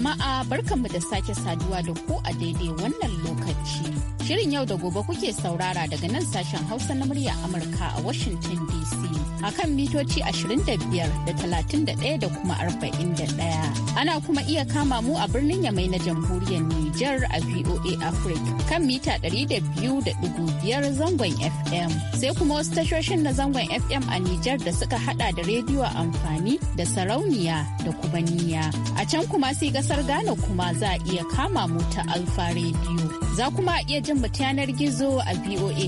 jama'a barkanmu da sake saduwa da ku a daidai wannan lokaci. Shirin yau da gobe kuke saurara daga nan sashen Hausa na murya Amurka a Washington DC. a kan mitoci 25 da 31 da kuma 41. Ana kuma iya kama mu a birnin Yamai na jamhuriyar Nijar a VOA Africa kan mita 200.5 zangon FM. Sai kuma wasu tashoshin na zangon FM a Nijar da suka hada da rediyo amfani da sarauniya da kubaniya. A can kuma sai gasar Ghana kuma za a iya kama mu ta Alfa rediyo Za kuma iya jin mu yanar gizo a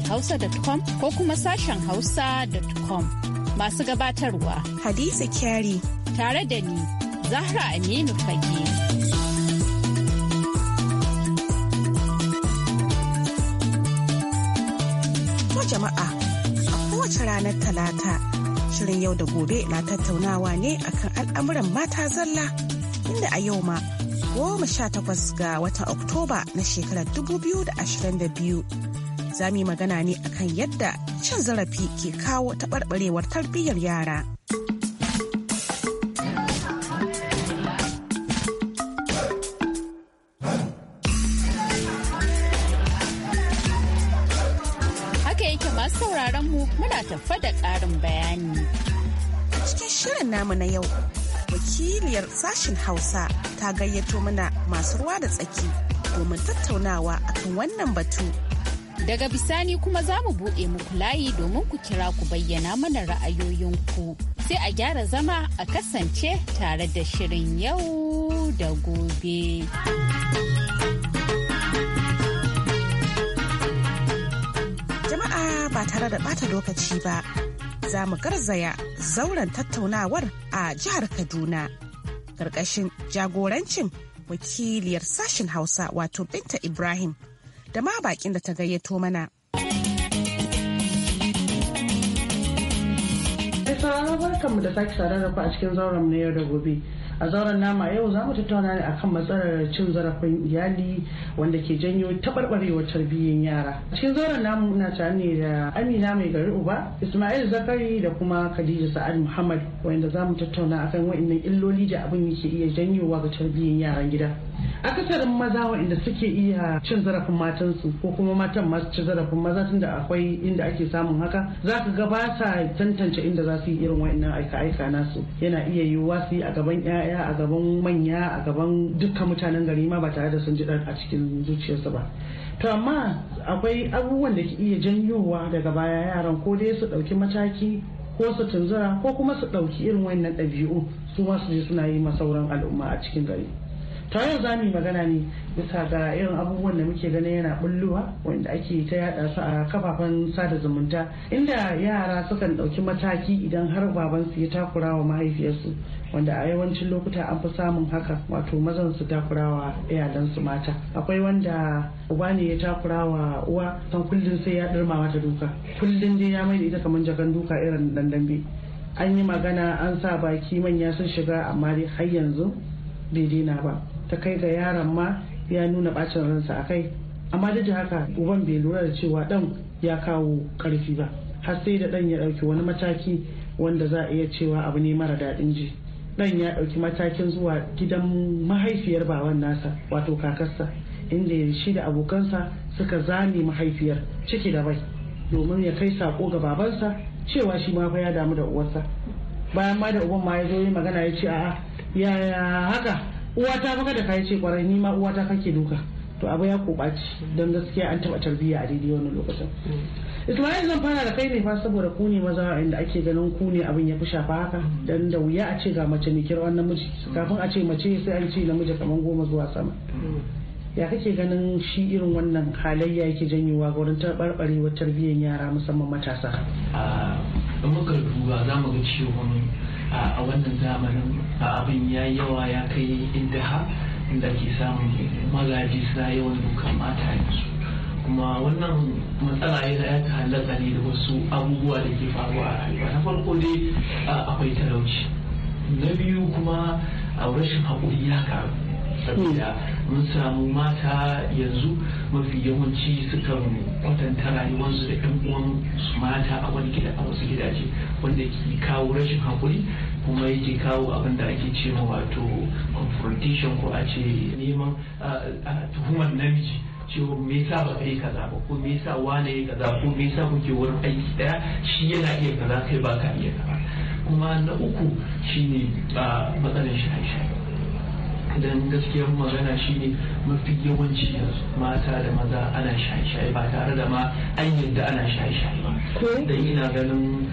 hausa.com ko kuma sashen hausa.com. masu gabatarwa Hadiza Kyari tare da ni Zahra Aminu Fage. ko jama'a a kowace ranar talata shirin yau da gobe na tattaunawa ne akan al'amuran mata zalla inda a yau ma goma sha takwas ga watan oktoba na shekarar 2022 za mu yi magana ne akan yadda cin zarafi ke kawo taɓarɓarewar tarbiyyar yara. Haka yake masu sauraron mu muna tafa da ƙarin bayani. A cikin shirin namu na yau, wakiliyar sashen Hausa ta gayyato mana masu ruwa da tsaki domin tattaunawa akan wannan batu. Daga bisani kuma za mu buɗe muku layi domin ku kira ku bayyana mana ra'ayoyinku. Sai a gyara zama a kasance tare da shirin yau da gobe. Jama'a ba tare da ɓata lokaci ba, za mu garzaya zauren tattaunawar a jihar Kaduna. Karkashin jagorancin wakiliyar sashen Hausa wato Binta Ibrahim. da ma bakin da ta gayyato mana. barkanmu da sake sadar a cikin zauren na yau da gobe. a zauren nama yau za mu tattauna ne akan matsalar cin zarafin iyali wanda ke janyo taɓarɓarewar tarbiyyar yara cikin zauren namu muna tare ne da amina mai gari uba ismail zakari da kuma khadija sa'ad muhammad wanda za mu tattauna akan wa'annan illoli da abin yake iya janyowa ga tarbiyyar yaran gida akasarin maza waɗanda suke iya cin zarafin matansu ko kuma matan masu cin zarafin maza tunda akwai inda ake samun haka za ka ga ba sa tantance inda za su yi irin waɗannan aika-aika nasu yana iya yiwuwa su yi a gaban 'ya'ya a gaban manya a gaban dukkan mutanen gari ma ba tare da sun ji a cikin zuciyarsu ba to amma akwai abubuwan da ke iya janyowa daga baya yaran ko dai su ɗauki mataki ko su tunzura ko kuma su ɗauki irin wayannan ɗabi'u su ma su je suna yi ma sauran al'umma a cikin gari ta yau za mu yi magana ne bisa ga irin abubuwan da muke ganin yana bulluwa wanda ake ta yada su a kafafen sada zumunta inda yara sukan ɗauki mataki idan har babansu ya takura wa mahaifiyarsu wanda a yawancin lokuta an fi samun haka wato mazan su takura wa iyalansu mata akwai wanda uba ne ya takura wa uwa san kullum sai ya ɗirma mata duka kullum dai ya mai da ita kamar jakan duka irin dandambe an yi magana an sa baki manya sun shiga amma dai har yanzu bai daina ba ta kai ga yaron ma ya nuna bacin ransa a kai amma duk da haka uban bai lura da cewa dan ya kawo karfi ba har sai da dan ya dauki wani mataki wanda za a iya cewa abu ne mara daɗin ji dan ya dauki matakin zuwa gidan mahaifiyar baban nasa wato kakarsa inda ya shi da abokansa suka zane mahaifiyar ciki da bai domin ya kai sako ga babansa cewa shi ma fa ya damu da uwarsa bayan ma da uban ma ya zo yi magana ya ce a'a yaya haka uwata baka da kai ce kwarai ni ma uwata kake duka to abu ya kobaci don gaskiya an taba tarbiya a daidai wannan lokacin mm. ismail zan fara da kai ne fa saboda ku ne maza inda ake ganin ku ne abin ya fi shafa haka mm. dan da wuya a ce ga mace mai wannan namiji kafin a ce mace sai an ce namiji kamar goma zuwa sama mm. ya kake ganin shi irin wannan halayya yake janyewa ga wurin taɓarɓarewar tarbiyyar yara musamman matasa ah, in muka duba za mu ga cewa a wannan zamanin a abin ya yawa ya kai inda ha inda ke samun magaji suna yawan dukan mata yanzu kuma wannan matsala yana ya ta'allaka ne da wasu abubuwa da ke faruwa a rayuwa na farko dai akwai talauci na biyu kuma rashin haƙuri ya karu saboda mun samu mata yanzu mafi yawanci suka kwatanta rayuwarsu da yan uwan su mata a wani gida a wasu gidaje wanda ke kawo rashin hakuri kuma yake kawo abin da ake ce ma wato confrontation ko a ce neman tuhumar namiji cewa me yasa ba kai kaza ba ko me yasa wane ya kaza ko me yasa kuke wurin aiki ɗaya shi yana iya kaza kai ba ka iya kaza kuma na uku shine matsalar shaye-shaye dan gaskiyar magana shine mafi yawanci mata da maza ana shaye-shaye ba tare da ma an yadda ana shaye-shaye ba da ina ganin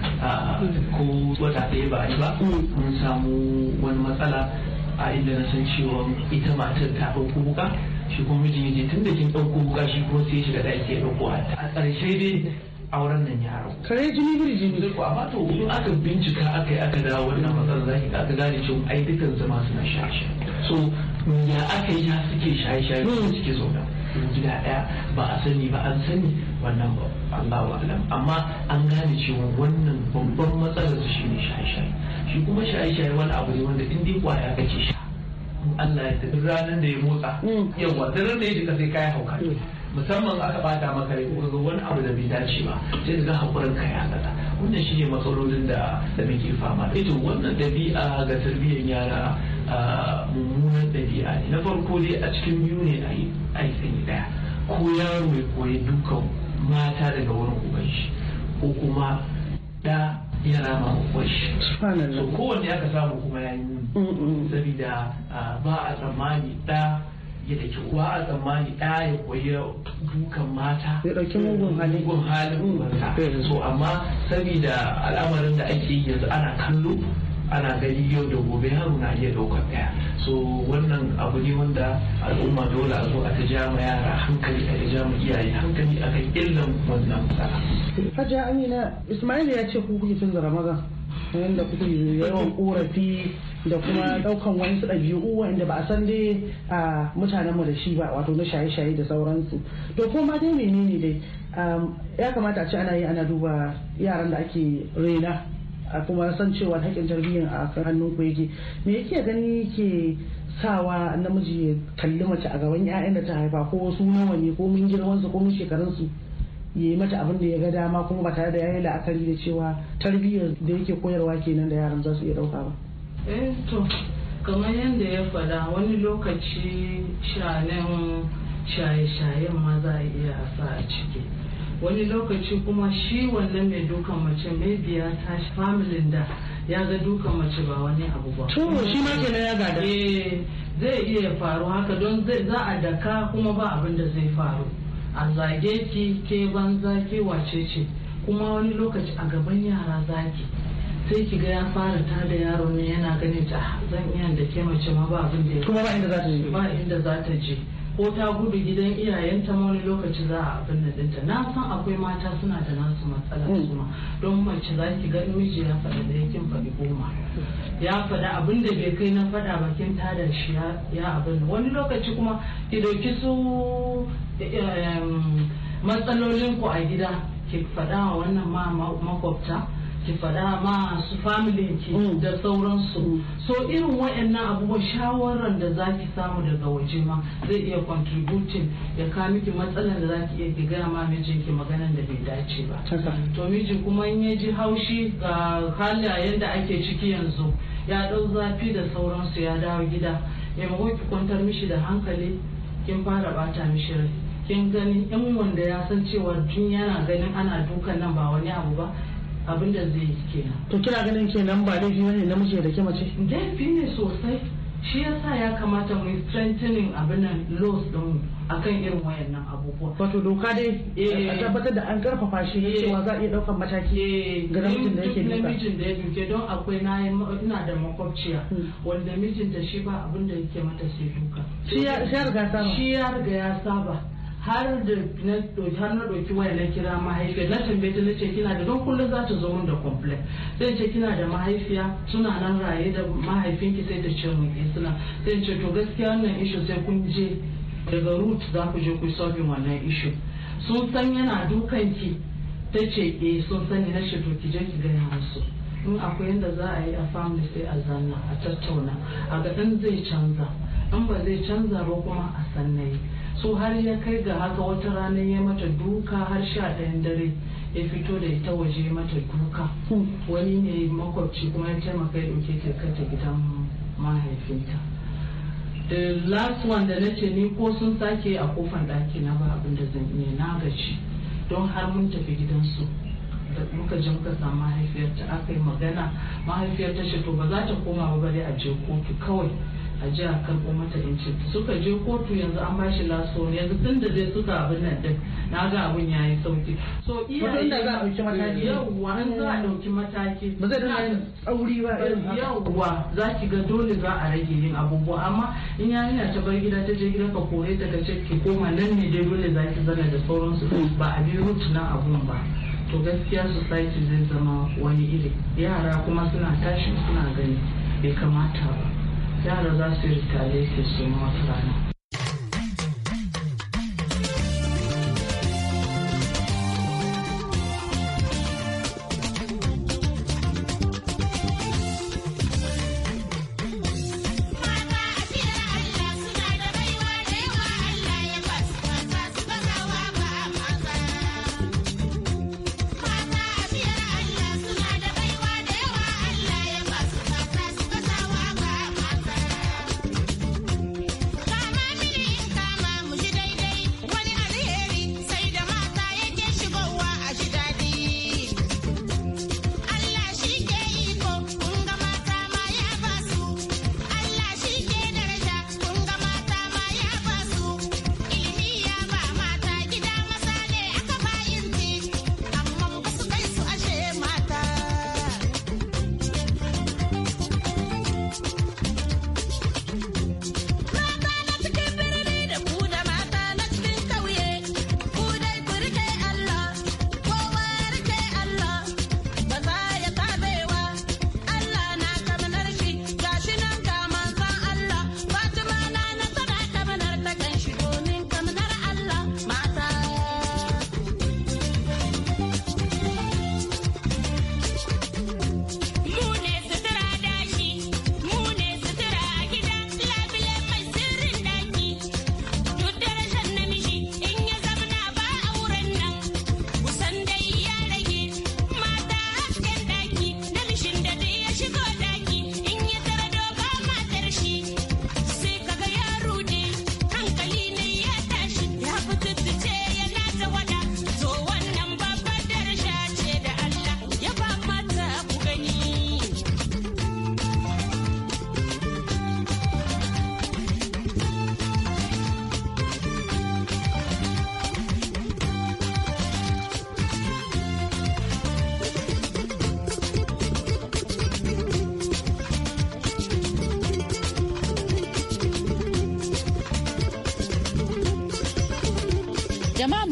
ko wata ɗaya ba ba mun samu wani matsala a inda na san cewa ita matar ta ɗauko wuka shi kuma mijin yaje tun da kin ɗauko wuka shi kuma sai shiga ɗaki ya ɗauko a ƙarshe dai auren nan ya rabu kare jini birji ne ko amma to in aka bincika aka yi aka dawo wannan matsalar zaki aka gane cewa ai dukan zama suna shaye so ya aka yi ya suke shaye shaye su hmm. suke da gida daya ba a sani ba an sani wannan ba wa alam amma an gane cewa wannan babban matsalar su shine shaye shaye shi kuma shaye shaye wani abu ne wanda indai dai kwaya kake sha Allah ya tafi ranar da ya motsa hmm. yawa da ranar da ya jika sai kai hauka hmm. musamman aka bata maka ne ko ga wani abu da bai dace ba sai ka ga hakurin ka ya tsada wannan shine matsalolin da da muke fama ita wannan dabi'a ga tarbiyyar yara mummunan dabi'a ne na farko dai a cikin biyu ne a yi sanyi daya ko yaro ya koyi dukan mata daga wani uban shi ko kuma da yara ma uban shi so kowanne aka samu kuma ya yi sabida ba a tsammani da ya daki uwa a tsammani ɗaya ya koyi dukan mata ya ɗauki mugun halin mugun halin mata so eh. amma saboda al'amarin da ake yi yanzu ana kallo ana gani yau da gobe haru na iya ɗaukar ɗaya so wannan abu ne wanda al'umma dole a zo a ta ja ma yara hankali a ta ja ma iyaye hankali a kan illan wannan matsala. Hajiya Amina Ismail ya ce ku kuke canza Ramadan yayin da kuke yawan korafi da kuma daukan wasu ɗabi'u wanda ba a san dai a mutanen mu da shi ba wato na shaye-shaye da sauransu to ko ma dai menene dai ya kamata a ce ana yi ana duba yaran da ake rena a kuma san cewa haƙƙin tarbiyyar a kan hannun ku yake me yake gani ke sawa namiji ya kalli mace a gaban 'ya'yan da ta haifa ko su nawa ne ko mun girmansu ko mun shekarunsu ya yi mata abin da ya ga dama kuma ba tare da ya yi la'akari da cewa tarbiyyar da yake koyarwa kenan da yaran za su iya ɗauka ba eh to kamar yadda ya faɗa wani lokaci shanen shaye-shayen ma za a iya sa a ciki wani lokaci kuma shi wannan mai dukan mace mai biya ta familin da ya ga dukan mace ba wani abu ba to shi ma kenan ya gada eh, zai iya faru haka don za a daka kuma ba abin da zai faru a zage ki ke banza ke wace ce kuma wani lokaci a gaban yara zaki sai ki ga ya fara ta da yaro ne yana ganin ta zan iya da ke mace ma ba abin da ya kuma ba inda za ta je je ko ta gudu gidan iyayenta ma wani lokaci za a abin da dinta na san akwai mata suna da nasu matsala mm. su don mace za ki ga miji ya faɗa da yakin faɗi goma ya faɗa abin da bai kai na faɗa bakin ta da shi ya abin wani lokaci kuma ki ɗauki su eh, matsalolinku a gida ki faɗa wa wannan ma makwabta ki faɗa ma su familin ki mm. da sauransu mm. so irin waɗannan abubuwan shawaran da zaki samu daga waje ma zai iya contributing ya ka miki matsalar da zaki ki iya ki gaya ma mijinki maganar da bai dace ba to miji kuma in ya ji haushi ga halayen da ake ciki yanzu ya ɗau zafi da sauransu ya dawo gida maimakon ki kwantar mishi da hankali kin fara bata mishi rai kin gani in wanda ya san cewa tun yana ganin ana dukan nan ba wani abu ba abin da zai yi kenan to kina ganin kenan ba ne na namiji da ke mace laifi ne sosai shi yasa ya kamata mu strengthening abin nan laws din akan irin wayannan abubuwa wato doka dai a eh. tabbatar da an karfafa shi na eh. cewa za a iya daukan mataki eh. ga namijin da yake duka namijin da ya duke don akwai na ina da makwabciya hmm. wanda da shi ba abin da yake mata sai duka shi ya riga saba shi ya riga ya saba har da har na doki waya na kira mahaifiya na tambaye na nace kina da don kullum za ta zo da complain sai ce kina da mahaifiya suna nan raye da mahaifinki sai ta ce mun eh, suna sai ce to gaskiya wannan issue sai kun je daga root za ku je ku solving wannan issue sun san yana ki. ta ce eh sun sani na to ki je ki gaya musu in akwai yadda za a yi a family sai a zanna a tattauna a ga zai canza in ba zai canza ba kuma a sannayi su har ya kai ga haka wata ranar ya mata duka har sha ɗayan dare ya fito da ita waje mata duka hmm. wani ne makwabci kuma ya taimaka ya ɗauke ta gidan mahaifinta the last one da na ce ni ko sun sake a kofan ɗaki na ba abin da zan iya na gaci don har mun tafi gidansu da muka je muka samu mahaifiyarta aka yi magana mahaifiyarta ce to ba za ta koma ba bare a je kotu kawai a jiya kan karɓo mata yancin suka je kotu yanzu an bashi laso yanzu tun da zai suka abin nan din na ga abin ya yi sauki so yi da za a ɗauki mataki yauwa an za a ɗauki mataki ba zai dinga yin tsauri ba irin yauwa za ki ga dole za a rage yin abubuwa amma in ya yarinya ta bar gida ta je gida ka kore ta ka ce ki koma nan ne dai dole za ki zana da sauransu ba a bi rutu na abun ba to gaskiya society zai zama wani iri yara kuma suna tashi suna gani bai kamata ba Io allo Tali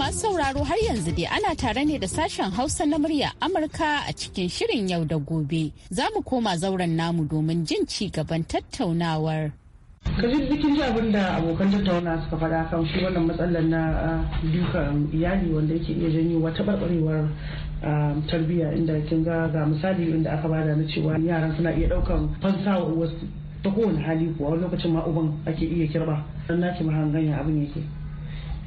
masu sauraro har yanzu dai ana tare ne da sashen Hausa na murya Amurka a cikin shirin yau da gobe. Za mu koma zauren namu domin jin ci gaban tattaunawar. ji bikin ji abin da abokan tattauna suka faɗa kan shi wannan matsalar na dukan iyali wanda yake iya janyo wata barbarewar tarbiyya inda kin ga ga misali inda aka bada na cewa yaran suna iya ɗaukan fansawa wasu ta kowane hali kuwa wani lokacin ma uban ake iya kirba. na naki mahanganya abin yake.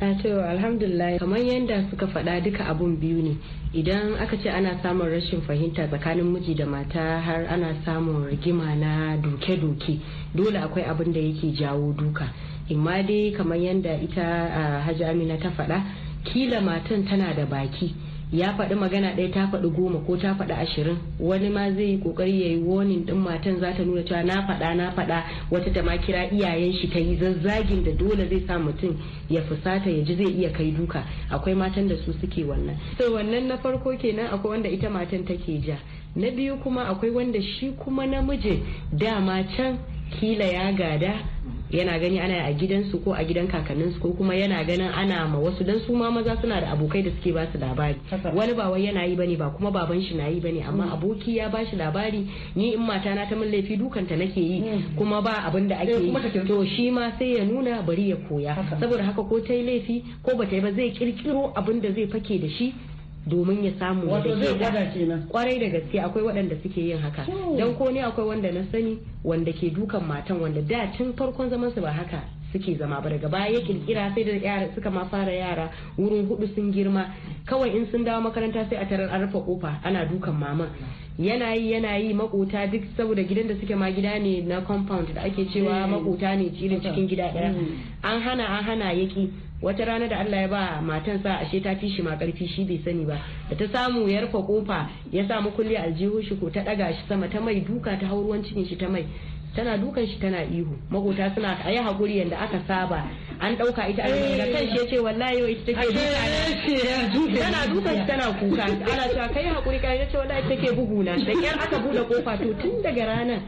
ta ce alhamdulillah kamar yadda suka faɗa duka abun biyu ne idan aka ce ana samun rashin fahimta tsakanin miji da mata har ana samun rigima na doke-doke dole akwai abin da yake jawo duka imma dai kamar yadda ita ah, hajji amina ta faɗa kila matan tana da baki ya faɗi magana ɗaya ta faɗi goma ko ta faɗi ashirin wani ma zai yi kokari ya yi warning din matan za ta nuna cewa na faɗa na faɗa wata ta ma kira iyayen shi ta yi zazzagin da dole zai sa mutum ya fusata ya ji zai iya kai duka akwai matan da su suke wannan so wannan na farko kenan akwai wanda ita matan take ja na biyu kuma akwai wanda shi kuma namijin dama can kila ya gada yana gani ana a gidansu ko a gidan kakanninsu ko kuma yana ganin ana ma wasu dan su ma maza suna da abokai da suke ba su labari wani ba wai yana yi bane ba kuma baban shi na yi bane amma mm. aboki ya bashi labari ni in mata na ta min laifi dukanta nake yi mm. kuma ba abin da ake eh, yi to shi ma sai ya nuna bari ya koya saboda haka ko ta yi laifi ko ba ta yi ba zai kirkiro abin da zai fake da shi domin ya samu wato zai gwada kwarai da gaske akwai waɗanda suke yin haka dan ko ne akwai wanda na sani wanda ke dukan matan wanda da tun farkon zaman su ba haka suke zama ba daga baya ya kirkira sai da yara suka ma fara yara wurin hudu sun girma kawai in sun dawo makaranta sai a tarar an rufe kofa ana dukan mama yana yi yana yi makota duk saboda gidan da suke ma gida ne na compound da ake cewa eh. makota ne cikin gida ɗaya mm. an hana an hana yaki wata rana da Allah ya ba matan sa ashe ta fi shi ma karfi shi bai sani ba da ta samu ya rufe kofa ya sa kulli aljihu shi ko ta daga shi sama ta mai duka ta hauruwan cikin shi ta mai tana dukan shi tana ihu magota suna a yi hakuri yadda aka saba an ɗauka ita an da kan shi ce wallahi wai take duka tana dukan shi tana kuka ana cewa kai hakuri kai ya ce wallahi take bugu na da kyar aka buɗe kofa to tun daga ranar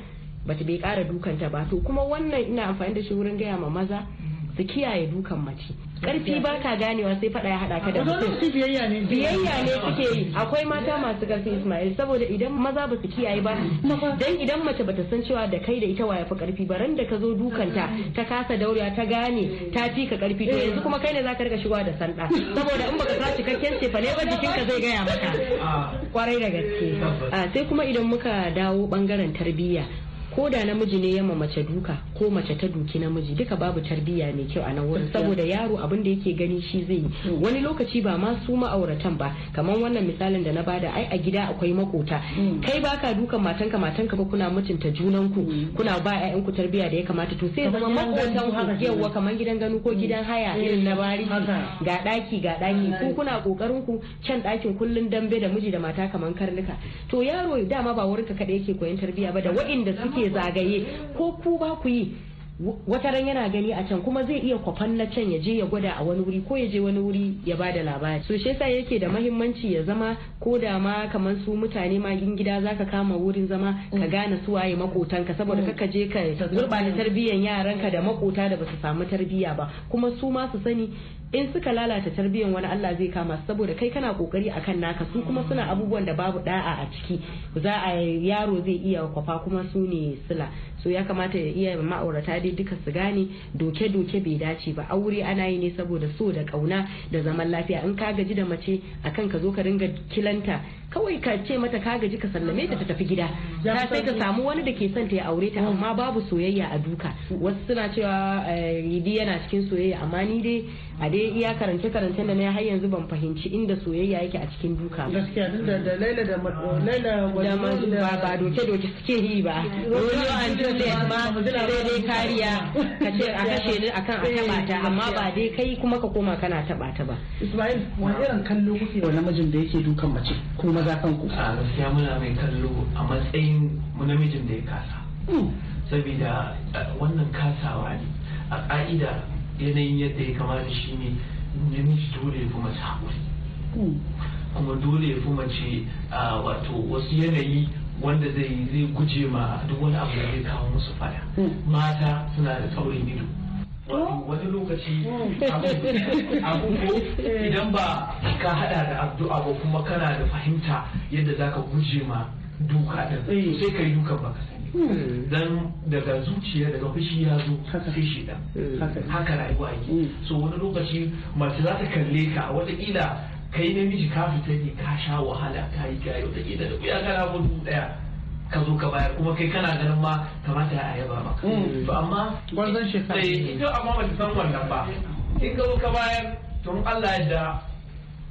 bata bai kara dukanta ba to kuma wannan ina amfani da shi wurin gaya ma maza su kiyaye dukan mace karfi ba ka ganewa sai faɗa ya haɗa ka da mutum biyayya ne biyayya ne suke yi akwai mata masu karfi Ismail saboda idan maza ba su kiyaye ba dan idan mace bata san cewa da kai da ita waya fa karfi ba ran da ka zo dukanta ta kasa daurewa ta gane ta fi ka karfi to yanzu kuma kai ne zaka rika shigowa da sanda saboda in baka sa cikakken fa ne ba jikinka zai gaya maka ah. kwarai da gaske ah, sai kuma idan muka dawo bangaren tarbiyya ko da namiji ne yamma mace duka ko mace ta duki namiji duka babu tarbiyya mai kyau a nan wurin saboda yaro abin da yake gani shi zai yi mm. wani lokaci ba ma su ma'auratan ba kamar wannan misalin da na bada ai a gida akwai makota mm. kai baka dukan matanka matanka ba kuna mutunta junan ku mm. kuna ba ƴaƴanku tarbiyya da ya kamata to sai zama makotan ku yawa kamar gidan gano ko gidan haya eh, irin na bari ga daki ga daki ku kuna kokarin ku can dakin kullun dambe da miji da mata kamar karnuka to yaro dama ba wurinka kada yake koyan tarbiyya ba da waɗanda suke yake zagaye ko ku ba ku yi wata ran yana gani a can kuma zai iya kwafan na can ya je ya gwada a wani wuri ko ya je wani wuri ya bada labari so shi yasa yake da mahimmanci ya zama ko da ma kamar su mutane ma gida zaka kama wurin zama ka gane su waye makotanka saboda kaka je ka mm. gurbata tarbiyyar yaranka da makota da basu samu tarbiyya ba kuma su ma su sani in suka lalata tarbiyyar wani Allah zai kama saboda kai kana kokari akan naka su kuma suna abubuwan da babu da'a a ciki za a yaro zai iya kwafa kuma su ne sila so ya kamata ya iya ma'aurata dai duka su gane doke doke bai dace ba aure ana yi ne saboda so da kauna da zaman lafiya in ka gaji da mace akan ka zo ka ringa kilanta kawai ka ce mata ka gaji ka sallame ta ta tafi gida ta sai ka samu wani da ke son ta ya aure ta amma babu soyayya a duka wasu suna cewa ridi eh, yana cikin soyayya amma ni dai a dai dai iya karance karancen da na har yanzu ban fahimci inda soyayya yake a cikin duka ba gaskiya duk da da laila da ah. laila da ba doke doke suke yi ba wani an ji da sai dai kariya ka ce a kashe ni akan a taba ta eh, amma ba dai kai kuma ka koma kana taba ta ba Ismail wani irin kallo kuke wa namijin da yake dukan mace ko maza kanku a gaskiya muna mai kallo a matsayin mu namijin da ya kasa hmm. saboda eh, wannan kasawa ne a ƙa'ida yanayin yadda ya kamata shi ne namiji dole ya kuma haƙuri kuma dole ya kuma ce wato wasu yanayi wanda zai zai guje ma duk wani abu da zai kawo musu fada mata suna da tsaurin ido wani lokaci idan ba ka hada da addu'a ba kuma kana da fahimta yadda zaka guje ma duka din sai ka yi duka ba ka Hmm. dan daga zuciya daga fushi ya zo sai shi dan hmm. haka rayuwa yake hmm. so wani lokaci mace za ta kalle ka wataƙila kai namiji ka fita ne ka sha wahala ka yi kayo wataƙila da kuya kana gudu daya ka zo ka bayar kuma kai kana ganin ma kamata a yaba maka to amma gwarzon shekara ita eh, amma ba san wannan ba in ka zo ka bayar tun Allah ya da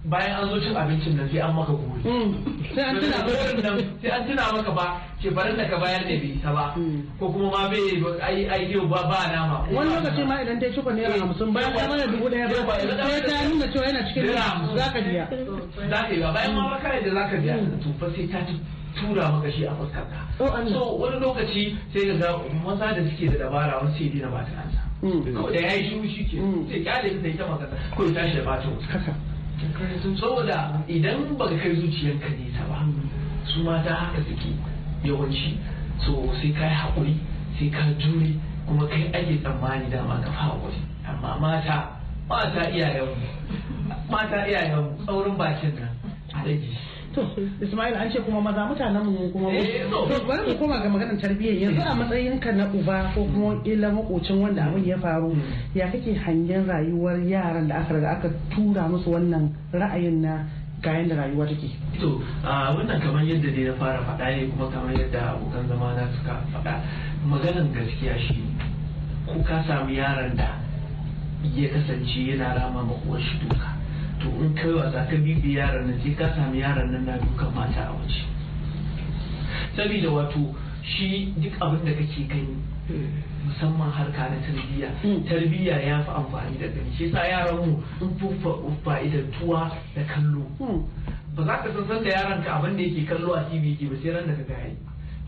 bayan an zo cin abincin nan sai an maka gori mm. sai an tuna maka sai an tuna maka ba ke barin da ka bayar da bai isa ba mm. ko kuma ma bai ai ai yau ba ba nama wani lokaci ma idan dai cikon naira eh. hamsin bayan ka mana dubu daya ba sai ta nuna cewa yana cikin naira hamsin zaka biya zaka biya bayan ma makara da zaka biya mm. to fa sai ta tura maka shi a fuskarka oh, so wani lokaci sai ga maza da suke da dabara wani sai dina ba ta ansa da ya yi shiru shi ke sai kyale ta yi ta magana ko ta shi da ba ta saboda idan ba ka kai zuciyarka nesa ba su mata haka suke yawanci so sai ka yi haƙuri sai ka jure kuma kai ake tsammani dama ka fa haƙuri amma mata mata iyayenmu mata iyayenmu tsaurin bakin nan a rage shi to Ismail an ce kuma maza mutanen mu kuma eh, to bari mu koma ga maganar tarbiyyar yanzu a matsayin ka na uba ko kuma ila makocin wanda abin ya faru ya kake hangen rayuwar yaran da aka aka tura musu wannan ra'ayin na ga yadda rayuwa take. To wannan kamar yadda ne na fara faɗa ne kuma kamar yadda abokan zama na suka faɗa Maganar gaskiya shi ko ka samu yaran da ya kasance yana rama makuwar shi duka. to in kai wasa ka bibi yaran nan sai ka sami yaran nan na duka mata a waje saboda wato shi duk abin da kake gani musamman harka na tarbiyya hmm. tarbiyya ya fi amfani da gani shi sa yaran mu sun fa'idantuwa da kallo hmm. ba za ka san sanda yaran ka abin da yake kallo a tv ke ba sai ran da ka gaya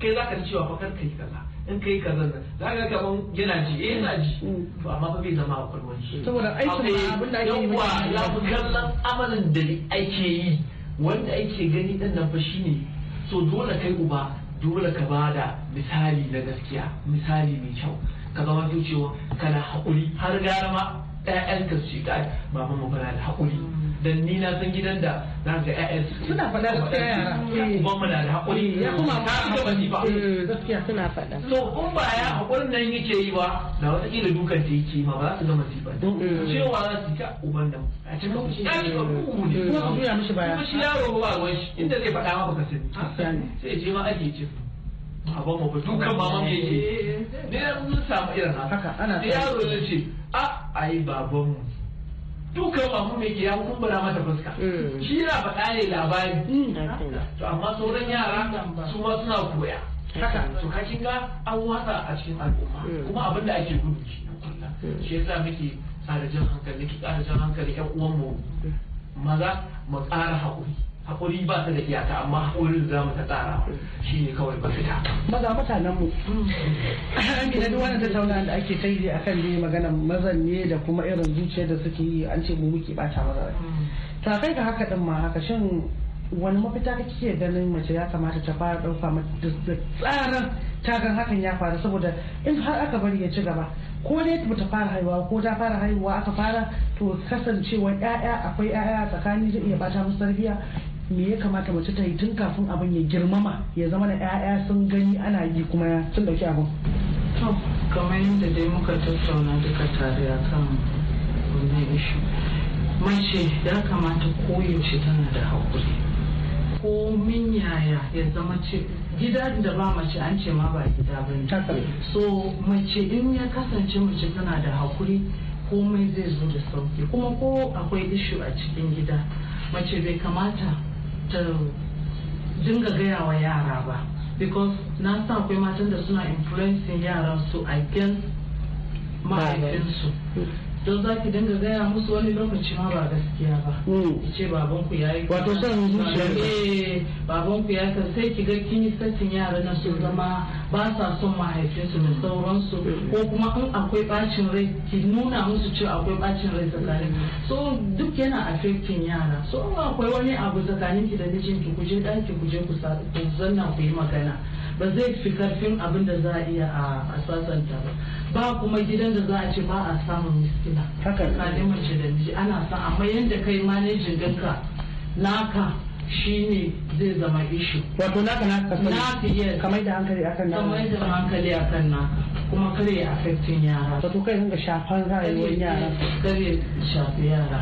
kai za ka cewa fa karka yi kaza in kai kaza za ka kaman yana ji eh yana ji mm. to amma fa bai zama a kwalwan shi saboda aikin abin da ake yi ya fi kallon amalin da ake yi wanda ake gani dan nan fa shine so dole kai uba dole ka bada misali na gaskiya misali mai kyau ka zama cewa kana haƙuri har gara ma ɗayan ka su ce ba mu da haƙuri mm. dan ni na san gidan da za ga ƴaƴan suna faɗa gaskiya yara uban mu na da haƙuri. Eh, ya kuma ta ga ba eh, gaskiya suna faɗa so in ba ya haƙurin nan yake yi ba da wata kila dukan da yake ma ba za su ga masifa mm. cewa za su ta uban da a cikin lokaci ya yi ku ne ko ku ya mishi baya kuma shi yaro ba ruwan shi inda zai faɗa ma baka sani sai je ma ake ce baban mu ba dukan maman yake eh. ne mun samu irin haka ana yaro ya ce a ah, ai baban mu dukkan mafi mai gida kumbura mata fuska mm. shi yana faɗa ne labari mm, to amma sauran yara su ma suna koya haka to ka ga an watsa a cikin al'umma mm. kuma abin da ake gudu shi yasa muke ƙara jan hankali muke tsara jan hankali ƴan uwanmu maza mu tsara haƙuri haƙuri ba ta da iyaka amma haƙurin za mu ta tsara shi ne kawai ba fita. maza mutanen mu gina duk wani tattauna da ake sai a kan ne magana mazan ne da kuma irin zuciyar da suke yi an ce mu muke ɓata maza ta kai ga haka din ma haka shin wani mafita kake ganin mace ya kamata ta fara ɗauka da tsarin tagan hakan ya faru saboda in har aka bari ya ci gaba ko ne ba ta fara haihuwa ko ta fara haihuwa aka fara to kasancewa ya'ya akwai ya'ya tsakani zai iya bata musu tarbiyya me ya kamata mace ta yi tun kafin abin ya girmama ya zama da 'ya'ya sun gani ana yi kuma sun dauki abin to kamar yadda dai muka tattauna duka tare akan wannan ishu mace ya kamata koyaushe tana da haƙuri ko min yaya ya zama ce gida da ba mace an ce ma ba gida ba ne so mace in ya kasance mace tana da haƙuri komai zai zo da sauki kuma ko akwai ishu a cikin gida mace bai kamata ta dinga gaya wa yara ba because na san akwai matan da suna influencing yara su against mahaifinsu don za ki dinga gaya musu wani lokaci ma ba gaskiya ba hmm. ce baban ku yayi wato son zuciya eh baban ku ya kan sai ki ga kin yi satin yaran na su zama ba sa son mahaifinsu da sauransu ko kuma in akwai bacin rai ki nuna musu cewa akwai bacin rai tsakanin so duk yana affecting yara so akwai wani abu tsakanin ki da mijinki ku je ɗaki ku je ku zanna ku yi magana ba zai fi karfin abin da za a iya a sasanta ba ba kuma gidan da za a ce ba a samun miskila tsakanin mace da miji ana san amma yadda kai manajin ɗinka. naka shine zai zama ishu wato naka naka naka yes kamar da hankali akan naka kamar da hankali akan naka kuma kare ya affecting yara wato kai yara kare shafi yara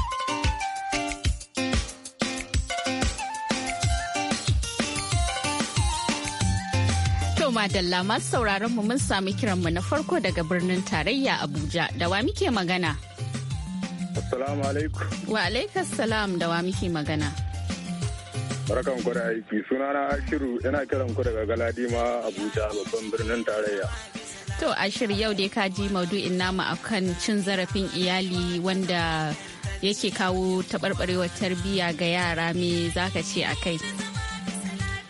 madalla masu sauraron mu mun sami kiranmu na farko daga birnin tarayya Abuja. Da wa muke magana? Assalamu alaikum. Wa alaikas salam da wa muke magana? Barkan ku da aiki sunana Ashiru yana kiran ku daga Galadima Abuja babban birnin tarayya. To Ashiru yau dai ka ji maudu'in nama akan cin zarafin iyali wanda yake kawo taɓarɓarewar tarbiyya ga yara me zaka ce a kai?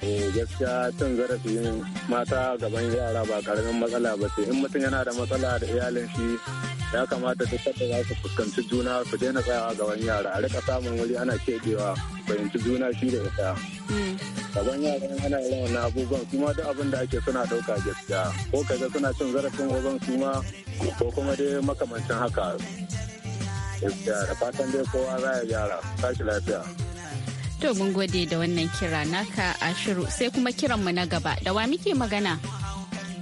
eh gaskiya cin zarafin mata gaban yara ba karamin matsala ba sai. in mutum yana da matsala da iyalin shi ya kamata duk da za su fuskanci juna su daina tsayawa gaban yara a rika samun wuri ana keɓewa fahimci juna shi da ita hmm. gaban yaran ana irin wannan abubuwan kuma duk abin da ake suna ɗauka gaskiya ko kaga suna cin zarafin wajen su ma ko kuma dai makamancin haka gaskiya da fatan dai kowa za ya gyara tashi lafiya To mun gode da wannan kira naka a shiru sai kuma kiranmu na gaba da wa muke magana.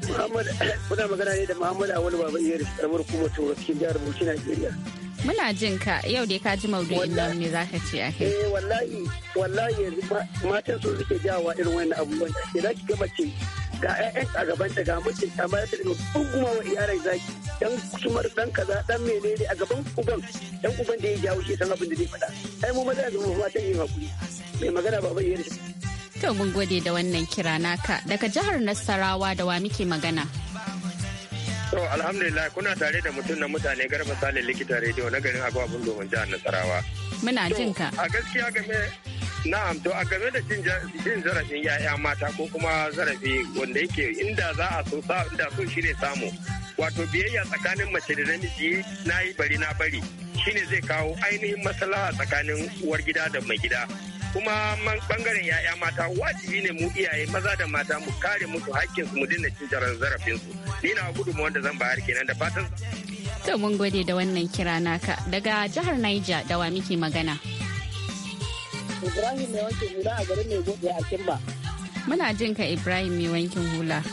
Muhammad, muna magana ne da Muhammad Awal Baban Yeri, karamar kuma to cikin jihar Bauchi Najeriya. Muna jin ka yau dai ka ji maudu'in nan me za ka ce a kai. Eh wallahi wallahi yanzu matan su suke jawa irin wannan abubuwan da ke zaki gama ce ga ƴaƴan a gaban ta ga mutum ta mata da kuma wa iyara zaki dan sumar dan kaza dan menene a gaban uban dan uban da ya jawo shi san abin da zai faɗa. Ai mu maza da mu matan yin hakuri. Mai magana baba yayin. To mun gode da wannan kira naka daga jihar Nasarawa da wa muke magana. So, alhamdulillah kuna tare da mutum na mutane garba sale likita rediyo na garin agwabun domin jihar Nasarawa. Muna jin ka. A gaskiya game na'am to a game da jin zarafin ya'ya mata ko kuma zarafi wanda yake inda za a so inda so shi ne samu. Wato biyayya tsakanin mace da namiji na yi bari na bari shine zai kawo ainihin maslaha tsakanin uwar gida da mai gida. kuma bangaren ya'ya mata wajibi ne mu iyaye maza da mata mu kare musu su mu dinna cin zarafin su ni na mu wanda zan bayar kenan da fatan To mun gode da wannan kira naka daga jihar Niger da wa muke magana. Ibrahim mai wankin hula a garin mai a Kimba. Muna jin ka Ibrahim mai wankin hula.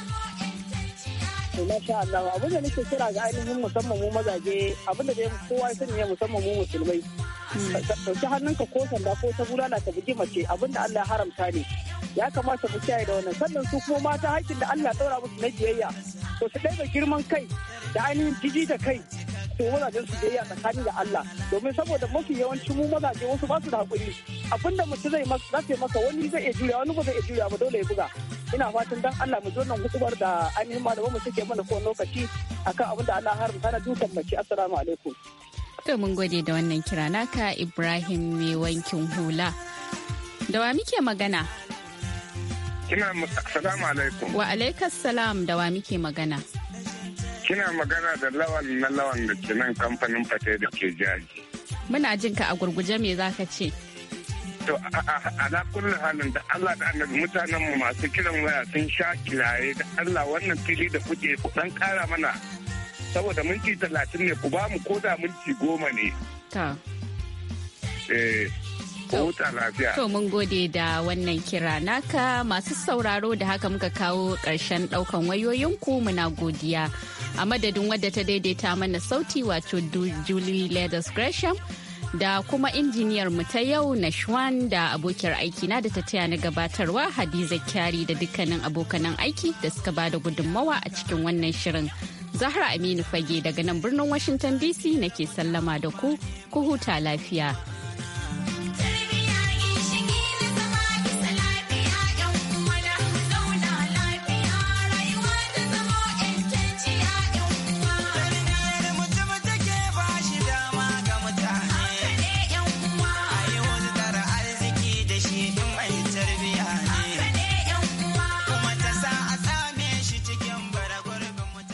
to masha Allah abin da nake kira ga ainihin musamman mu mazaje abin da dai kowa sun ne musamman mu musulmai ɗauki hannunka ko sanda ko ta na ta bugi mace abin da Allah ya haramta ne ya kamata mu kiyaye da wannan sannan su kuma mata hakkin da Allah ya daura musu na biyayya to su girman kai da ainihin jiji da kai su mazajen su biyayya tsakani da Allah domin saboda mafi yawanci mu mazaje wasu ba su da hakuri abinda mutum zai masa za masa wani zai iya juya wani ba zai iya juya ba dole ya buga ina fatan dan Allah mu zo nan hukumar da ainihin malaman mu suke mana kowane lokaci akan abin da Allah haramta sana dukan mace assalamu alaikum to mun gode da wannan kira naka Ibrahim mai wankin hula da wa muke magana kina salamu alaikum wa alaikas salam da wa muke magana Kina magana da lawan na lawan da ke nan kamfanin fate da ke jaji. Muna jin ka a gurguje me za ka ce? To na kullum halin da Allah da annabi mutanen mu masu kiran waya sun sha kiraye da Allah wannan fili da kuke ku dan kara mana saboda minti talatin ne ku ba mu ko da minti goma ne. Ta. Eh. lafiya. To mun gode da wannan kira naka masu sauraro da haka muka kawo ƙarshen ɗaukan wayoyinku muna godiya. a madadin wadda ta daidaita mana sauti wato Julie Leathers Gresham da kuma injiniyar mu ta yau na Shwan da abokiyar na da ta taya na gabatarwa Hadiza Kyari da dukkanin abokanan aiki da suka ba da gudunmawa a cikin wannan shirin. Zahra Aminu Fage daga nan birnin Washington DC nake sallama da ku, ku huta lafiya.